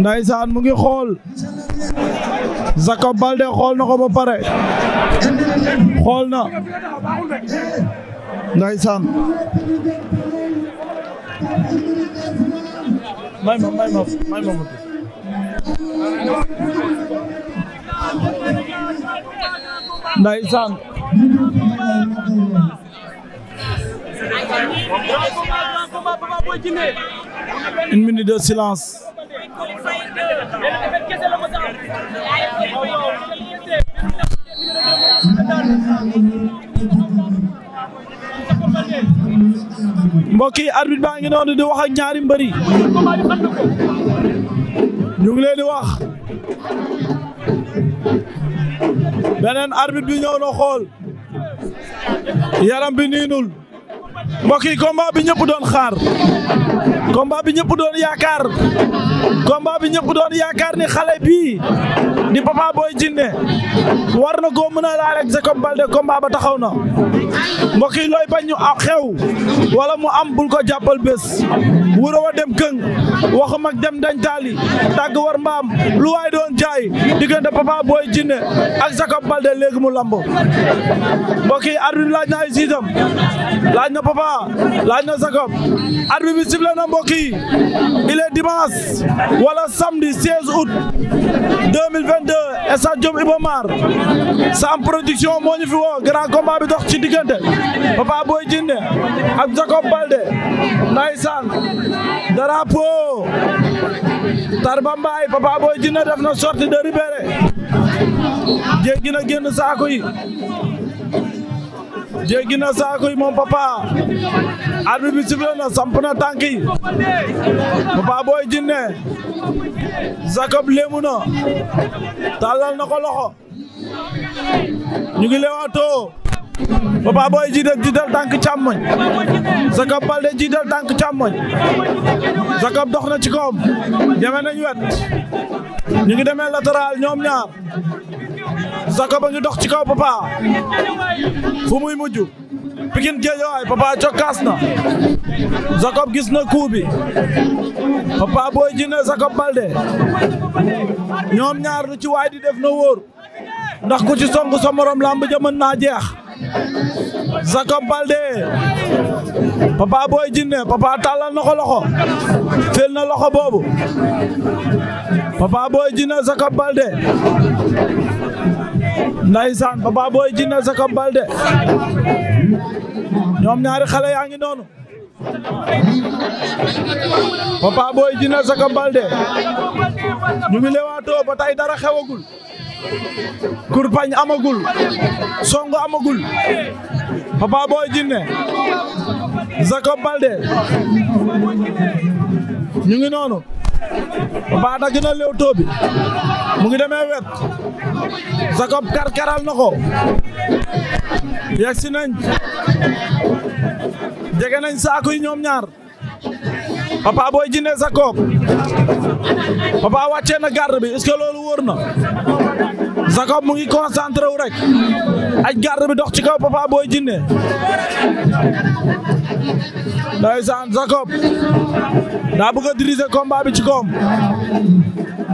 ndaysaan mu ngi xool Jacob Baldé xool na ko ba pare xool na ndaysaan may ma may ma may ma de silence mbokki arbit arbitre baa ngi noonu di wax ak ñaari mbëri ñu ngi leen wax beneen arbitre bi ñëw na xool yaram bi niinul mbokk yi combat bi ñëpp doon xaar combat bi ñëpp doon yaakaar combat bi ñëpp doon yaakaar ni xale bii di Papa Boy Djiné war na koo mën a laal ak Jacob Baldé combat ba taxaw na mbokk yi looy bañ xew wala mu am bul ko jàppal bés wuro wa dem këng waxu mag dem dañ taali tàgg war mbaam lu waay doon jaay diggante Papa Boy Djiné ak Jacob léegi mu lamb mbokk yi laaj na ay siisam Papa laaj na sa kopp arbitre na mbokk yi il est dimanche wala samedi 16 août 2022 stade Diop Iba Mar Production moo fi woo grand combat bi ci diggante Papa Boy Djiné ak Jacob Balde ndaysaan drapeau Tarba Mbaye Papa Boy Djiné def na sortie de libéré jéggi na génn saako yi jéggi na saako yi moom papa arbitre bi sifflé na samp na tànk yi papa booy jinne Jacob léemu na tàllal na ko loxo ñu ngi leewaatoo Papa Boy jiital jiital tànk càmmoñ Jacob Baldé jiital tànk càmmoñ Jacob dox na ci koom deme nañ wet ñu ngi demee latéral ñoom ñaar Sakho ba ngi dox ci kaw Papa fu muy mujj Pikine Guédiawaye Papa cokkaas Jacob gis na coup bi Papa Boy Djiné Jacob Baldé ñoom ñaar lu ci waay di def na wóor ndax ku ci song sa morom lamb ja mën naa jeex Jacob Baldé Papa Boy Djiné Papa tàllal na loxo fel na loxo boobu Papa Boy Djiné Jacob Baldé ndaysaan Papa Boy Djiné Jacob Baldé ñoom ñaari xale yaa ngi noonu Papa Boy Djiné Jacob Baldé ñu ngi lewaatoo ba tey dara xewagul kurpañ amagul songo amagul Papa Boy Djiné Jacob Baldé ñu ngi noonu Papa dagg na Leewtoo mu ngi demee wet Jacob karkaral na ko yegsi nañ jege nañ saaku yi ñoom ñaar Papa Boy Djiné Jacob Papa wàccee na garde bi loolu wóor na Jacob mu ngi concentré wu rek aj garde bi dox ci kaw Papa Boy Djiné ndeysaan Jacob daa bëgg a diriger combat bi ci koom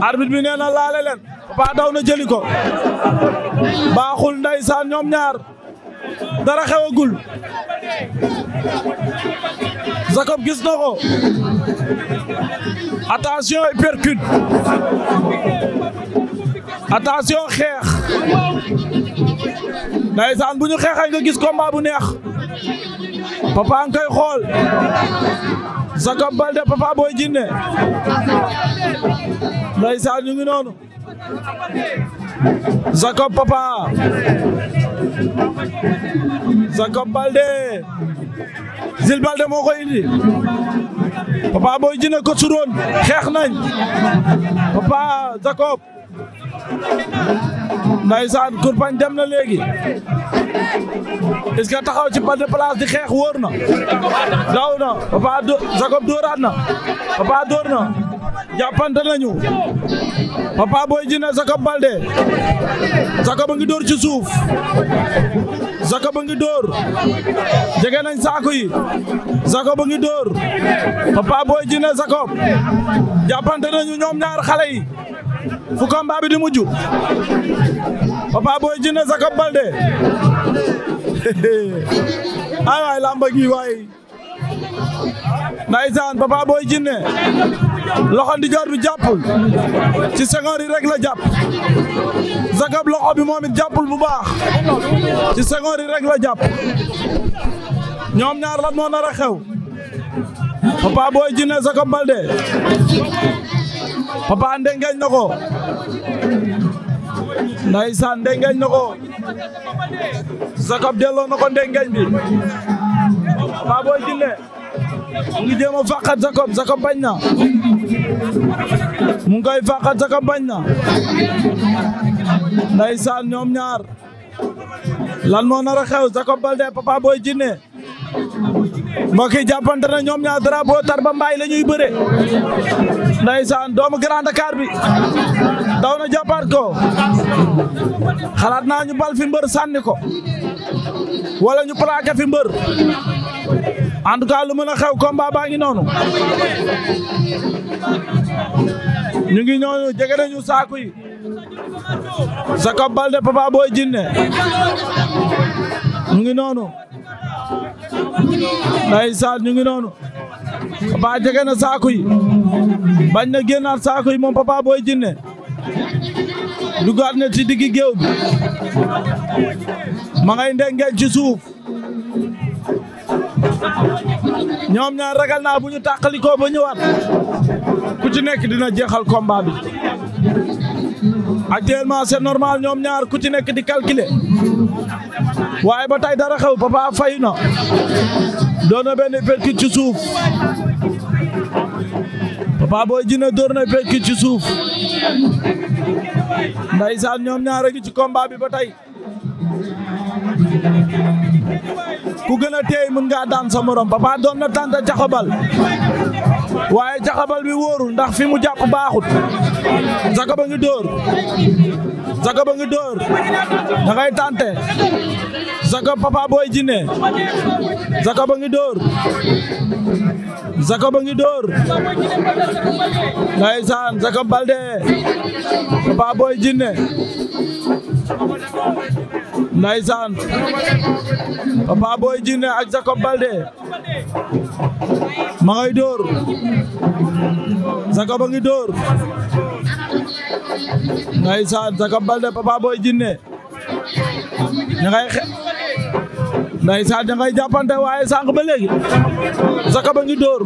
arbitre bi nee na laale leen Papa daw na jëli ko baaxul ndeysaan ñoom ñaar dara xewagul Jacob gis na ko attention il xeex ndeysaan bu ñu xeexee nga gis combat bu neex Papa nga koy xool Jacob Baldé Papa Boy Djiné ndeysaan ñu ngi noonu Jacob Papa Jacob Baldé Zil Baldé moo koy indi Papa Boy Djiné ko suroon xeex nañ Papa Jacob Ndeysaan kurpañ dem na léegi est taxaw ci benn place di xeex wóor na daw na Papa Jacob dóoraat na Papa dóor na jàppante nañu Papa Boy Djiné Jacob Baldé Jacob ngi dóor ci suuf Jacob a ngi dóor jege nañ saako yi Jacob ngi dóor Papa Boy na Jacob jàppante nañu ñoom ñaar xale yi fu combat bi di mujj Papa Boy Djiné Jacob Baldé ay waay lamba gi waay ndaysaan Papa Boy Djiné loxo ndijoor bi jàppul ci sengoor yi rek la jàpp loxo bi moom it jàppul bu baax ci sengoor yi rek la ñoom ñaar lan moo nar a xew Papa Boy Djiné Jacob Baldé Papa ndengeñ na ko ndaysaan ndengeñ na ko Jacob delloo na ko ndengeñ bi Papa Boy Djiné mu ngi jéem a fàqat bañ na mu ngi koy fàqat bañ na ndaysaan ñoom ñaar lan moo nar a xew Jacob Baldé Papa Boy Djiné mbokk yi jàppante na ñoom ñaar drapeau Tarba Mbaye la ñuy bëre ndaysaan doom Grand kaar bi daw na jàppaat ko xalaat naa ñu bal fi mbër ko wala ñu plaqué fi mbër en tout lu mën a xew combat baa ngi noonu ñu ngi ñooñu jege nañu saaku yi Jacob Baldé Papa Boy Djiné ñu ngi noonu ndeysaan ñu ngi noonu papa jege na saaku yi bañ na génnaat saaku yi moom papa booy jinne dugaat na ci diggi géew bi ma ngay ndengeen ci suuf ñoom ñaar ragal bu ñu tàqalikoo ba ñëwaat ku ci nekk dina jeexal combat bi actuellement c'est normal ñoom ñaar ku ci nekk di calculer waaye ba tey dara xew Papa fay na doon na benn percute ci suuf Papa Boy Djiné door na percute ci suuf ndeysaan ñoom ñaar a ngi ci combat bi ba tey ku gën a teey mën ngaa daan sa morom Papa doon na tànta jaxabal waaye jaxabal bi wóorul ndax fi mu jàpp baaxut Jacob a ngi dóor Jacob a ngi dóor da ngay Jacob Papa Boy Djiné Jacob a ngi dóor Jacob a ngi dóor ndeysaan Jacob Baldé Papa Boy Papa Boy Djiné ak Jacob ngi dóor ndeysaan Jacob Baldé ndeysaan da ngay jàppante waaye sànq ba léegi Zakab a ngi dóor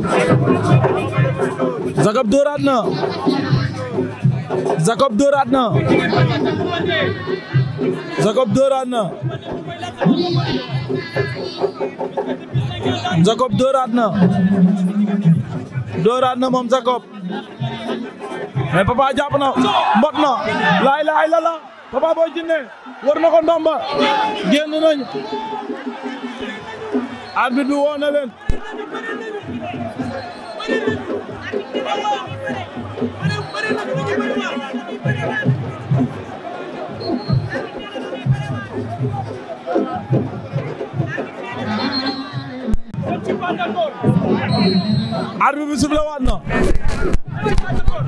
Zakab dóoraat na Zakab dóoraat na Zakab dóoraat na Zakab dóoraat na moom Zakab mais Papa jàpp na mbot na laay laay la Papa Boy Djiné na ko ndomba génn nañ arbitre bi woo na leen arbitre bi siflé waat na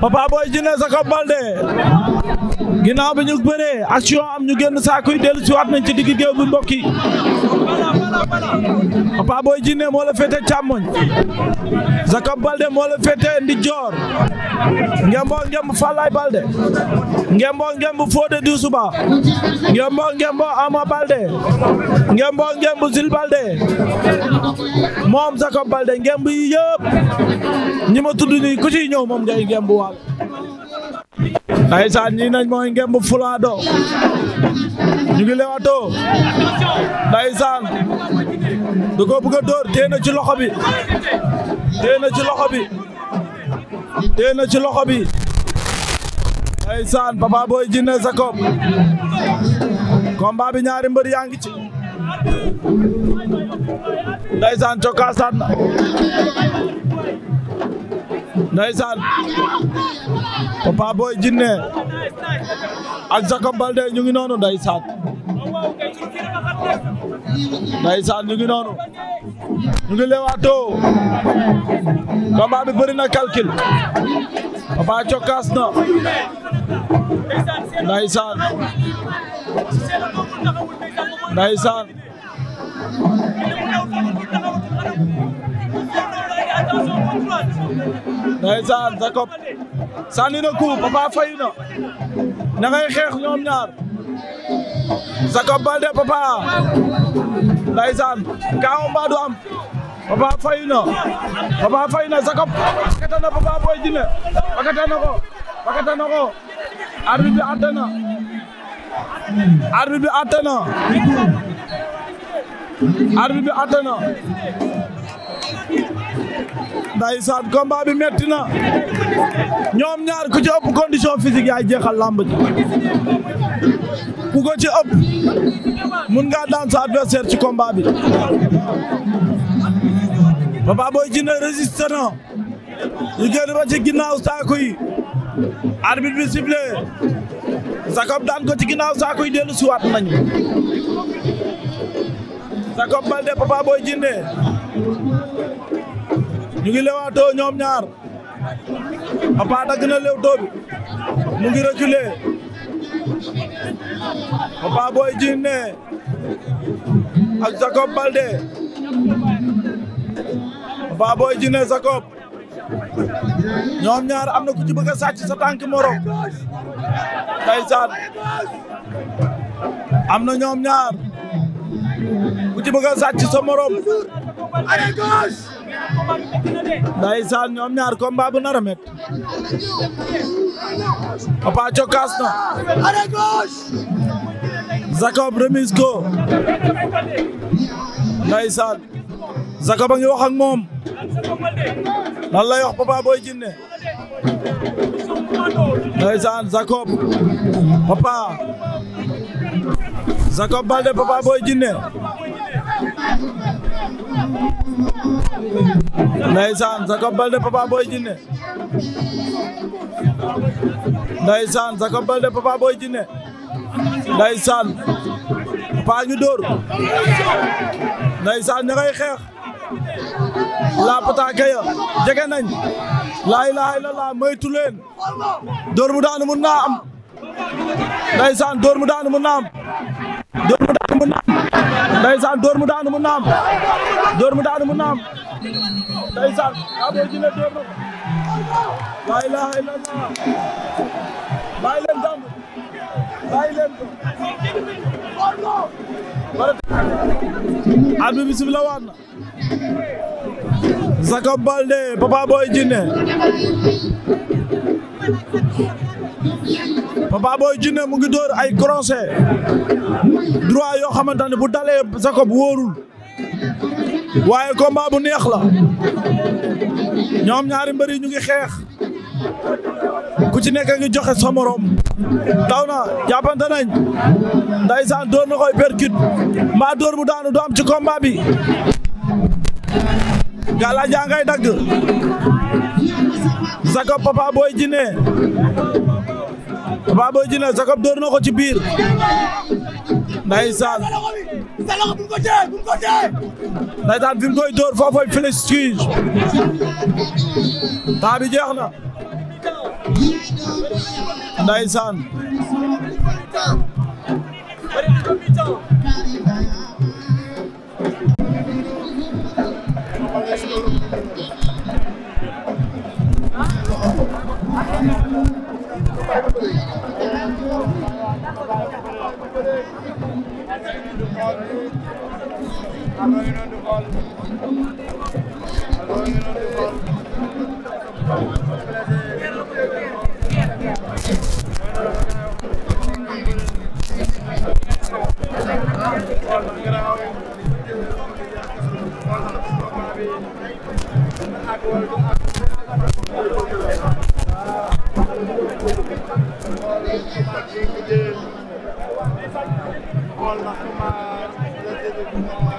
Papa Boy Djiné Jacob Baldé ginnaaw bi ñu bëree action am ñu génn saakuy dellu si nañ ci digg géew bi mbokk yi Papa Boy Djiné moo la féete càmmoñ Jacob Baldé moo la féete ndijoor ngemboo ngemb Fallaye Baldé ngemboo ngemb Fodé Doussouba ngemboo ngemb Ama Baldé ngemboo ngemb Zil Baldé moom Jacob Baldé ngemb yi yëpp ñi ma tudd nii moom ngay ngemb waal ndeysaan ñi nañ fulaado ñu ngi lewato ndeysaan da ko bëgg a dóor ci loxo bi téye na ci loxo bi téye na loxo bi ndeysaan Papa Boy Djiné Jacob combat bi ñaari mbër yaa ngi ci ndeysaan cokkaasaat na ndeysaan Papa Boy Djiné ak Jacob Baldé ñu ngi noonu ndeysaan ndeysaan ñu noonu ñu ngi leewaatoo combat bi bëri na calcul cokkaas na ndeysaan Jacob sànni na coup Papa fayu na ña ngay xeex ñoom ñaar Jacob Baldé Papa ndeysaan kaaw mbaa du am Papa fayu Papa fayu na Jacob pakata Papa Boy Djiné pakata na ko pakata na ko arbitre bi atte na arbitre bi atte na arbitre bi atte ndaysaan combat bi metti na ñoom ñaar ku ci ëpp condition physique yaay jeexal làmb ji ku ko ci ëpp mun ngaa daan sa adversaire ci combat bi Papa Boy Djiné résisté na ginnaaw saako yi arbitre bi sifflé Jacob daan ko ci ginnaaw saako yi dellu siwaat nañu Jacob Baldé Papa Boy ñu ngi lewaatoo ñoom ñaar Papa dagg na lewtoo bi mu ngi reculer Papa Boy Djiné ak Jacob Baldé Papa Boy Djiné Jacob ñoom ñaar am na ku ci bëgg sa tànk morom ndeysaan am na ñoom ñaar ku ci bëgg sa morom. ndeysaan ñoom ñaar combat bu nar a met Papa cokkaas na Jacob remise ko ndeysaan Jacob a ngi wax ak moom lan lay wax Papa Ndeysaan Jacob Baldé Papa Boy Djiné Ndeysaan Jacob Baldé Papa Boy Djiné Ndeysaan paa ngi dóor Ndeysaan ña ngay xeex laa pataake ya jege nañ laa ilaaha illallaah moytu leen mu daanu mun naa am Ndeysaan dóor mu daanu mun ndeysaan dóor mu daanu mu naam dóor mu daanu mu naam ndeysaan daa booy jine dóor na laa ilaaha illallah bàyyi leen jàng bàyyi leen ko at bi bisib la waat na Jacob Baldé Papa Boy Djiné Papa Boy Djiné mu ngi dóor ay crochet droit yoo xamante ne bu dalee Jacob wóorul waaye combat bu neex la ñoom ñaari mbër yi ñu ngi xeex ku ci nekk ngi joxe sa morom daw na jàppante nañ ndaysaan dóor na koy percute mbaa dóor bu daanu du am ci combat bi gàllaaj yaa ngay dagg Jacob Papa Boy Papa Boy Djiné Jacob door na ko ci biir ndeysaan ndeysaan fi mu door foofu Félix Cuge taa bi jeex na ndeysaan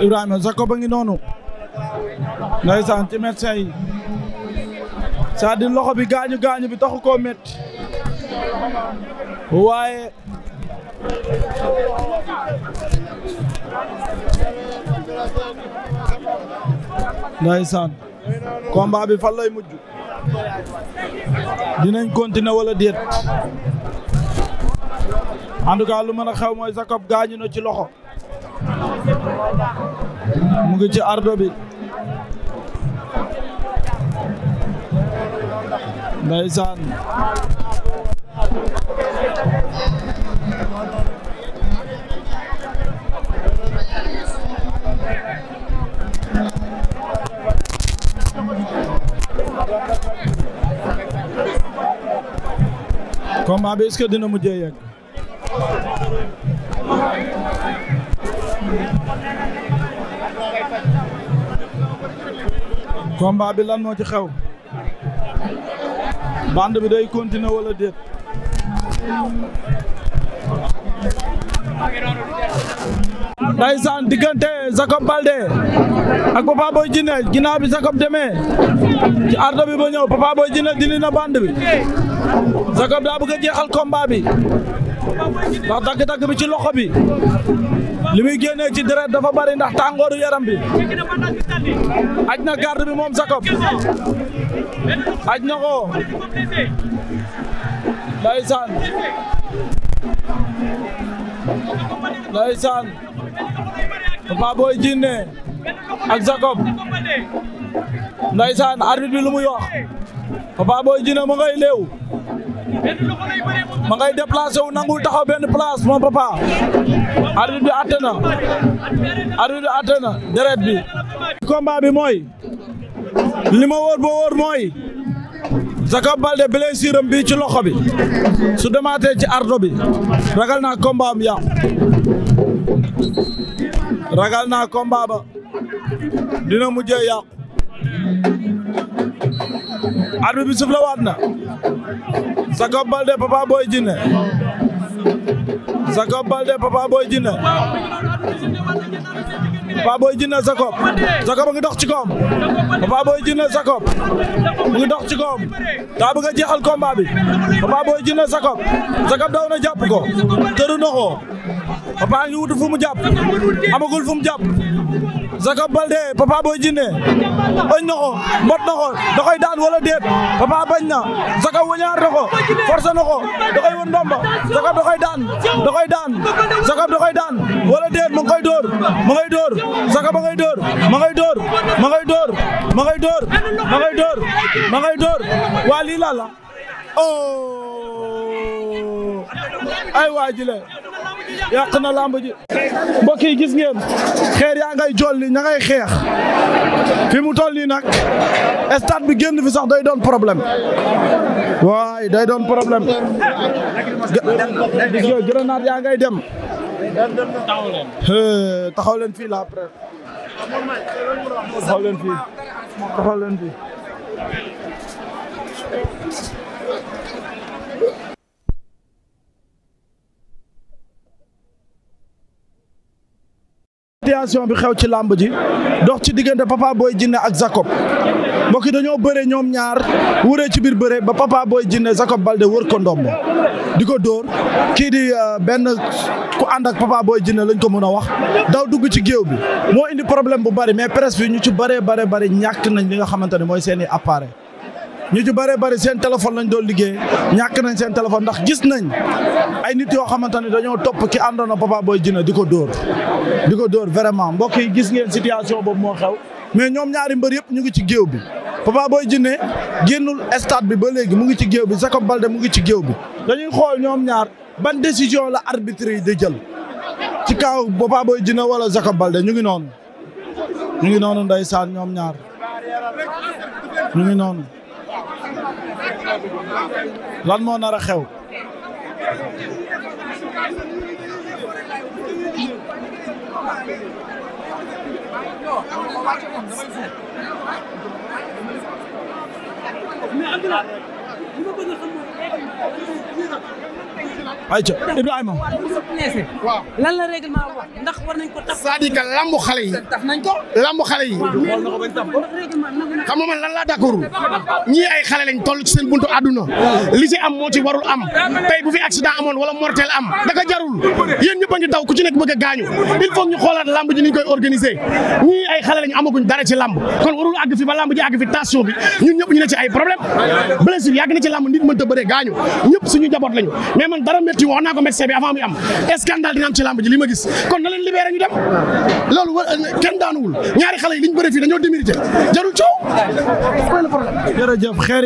Ibrahima Jacob a ngi noonu ndeysaan ci médecin yi cest à loxo bi gaañu gaañu bi taxu koo métti waaye ndeysaan combat bi fan lay mujj dinañ continuer wala déet en tout cas lu mën a xew mooy Jacob gaañu na ci loxo mu ngi ci ardo bi ndeysaan combat bi est-ce que dina combat bi lan moo ci xew bande bi day continuer wala déet ndaysaan diggante Jacob Baldé ak Papa Boy Djiné ginnaaw Jacob demee ci ardo bi ba Boy Djiné dindi na Jacob daa bëgg a jeexal combat bi ndax dagg-dagg bi li muy génnee ci deret dafa bari ndax tàngooru yaram bi aj na garde bi moom Jacob aj na ko ndeysaan ndeysaan Papa Boy Djiné ak Jacob ndeysaan ma ngay déplacé wu nangul taxaw benn place mon papa arbitre bi atte na arbitre bi atte deret bi combat bi mooy li ma wóor boo wóor mooy Jacob Balde blessure am bi ci loxo bi su demaatee ci ardo bi ragal naa combat am ragal naa combat ba dina mujjee yàqu arbitre bi siflé waat na Jacob Baldé Papa Boy Djiné Jacob Baldé Papa Boy Djiné Papa Boy Djiné Jacob Jacob ngi dox ci koom Papa Boy Djiné Jacob ngi dox ci koom daa bëgg a jeexal combat bi Papa Boy Djiné Jacob Jacob daw na jàpp ko tëru na Papa ngi wut fu mu jàpp amagul fu Jacob Baldé Papa Boy Djiné bañ na ko mbot na ko daan wala déet Papa bañ na Jacob wañaar na ko forcé na ko da koy wër ndomba Jacob da koy daan da daan wala déet ma ngi koy dóor ma ngay dóor Jacob ma ngay dóor ma ngay dóor ma ngay la oh. ay waa yàq na làmb ji mbokk yi gis ngeen xeer yaa ngay jolli ña xeex fi mu toll nii nag stade bi génn fi sax day doon problème waay day doon problème gis ya grenade ngay dem taxaw leen fii la presse taxaw leen fii taxaw leen fii situation bi xew ci làmb ji dox ci diggante Papa booy Djiné ak Jacob mbokk yi dañoo bëre ñoom ñaar wuree ci biir bëre ba Papa booy Djiné Jacob Baldé wër ko ndomb di ko dóor kii di euh, benn ku ànd ak Papa Boy Djiné lañ ko mën a wax daw dugg ci géew bi moo indi problème bu bari mais presse ñu ci bëree bare bari ñàkk nañ li nga xamante ne mooy seen i appareil ñu ci bëree bëri seen téléphone lañ doon liggéey ñàkk nañ seen téléphone ndax gis nañ ay nit yoo xamante ne dañoo topp ki àndoon Papa Boy Djiné di ko dóor di ko dóor vraiment mbokk yi gis ngeen situation boobu moo xew mais ñoom ñaari mbër yëpp ñu ngi ci géew bi Papa booy Djiné génnul stade bi ba léegi mu ngi ci géew bi Jacob Baldé mu ngi ci géew bi dañuy xool ñoom ñaar ban décision la arbitre yi di jël ci kaw Papa booy Djiné wala Jacob Baldé ñu ngi noonu ñu ngi noonu ndeysaan ñoom ñaar ñu ngi noonu lan moo nar a xew. ayca Ibrahima. waaw lan la règlement wax ndax war nañ ko taf. c'est-à-dire que lambu xale yi. taf nañ ko lambu xale yi. xam nga man lan laa d'accord ñii ay xale lañ toll ci seen buntu àdduna. li ci am moo ci warul am tey bu fi accident amoon wala mortel am dafa jarul yéen ñëpp a ngi daw ku ci nekk bëgg a gaañu il faut ñu xoolaat lamb ji ni ñu koy organiser ñii ay xale lañ amaguñ dara ci lamb kon warul àgg fi ba lamb ji àgg fi tension bi ñun ñëpp ñu ne ci ay problème blessure yàgg na ci lamb nit mënta bëree gaañu ñëpp suñu jaboot lañu mais dara a métti wax naa ko médecin bi avant muy am scandale dina ci lamb ji li ma gis kon na leen libéré ñu dem loolu kenn daanuwul ñaari xale yi liñ bëri fii dañoo démérité jarul coow. jërëjëf xeer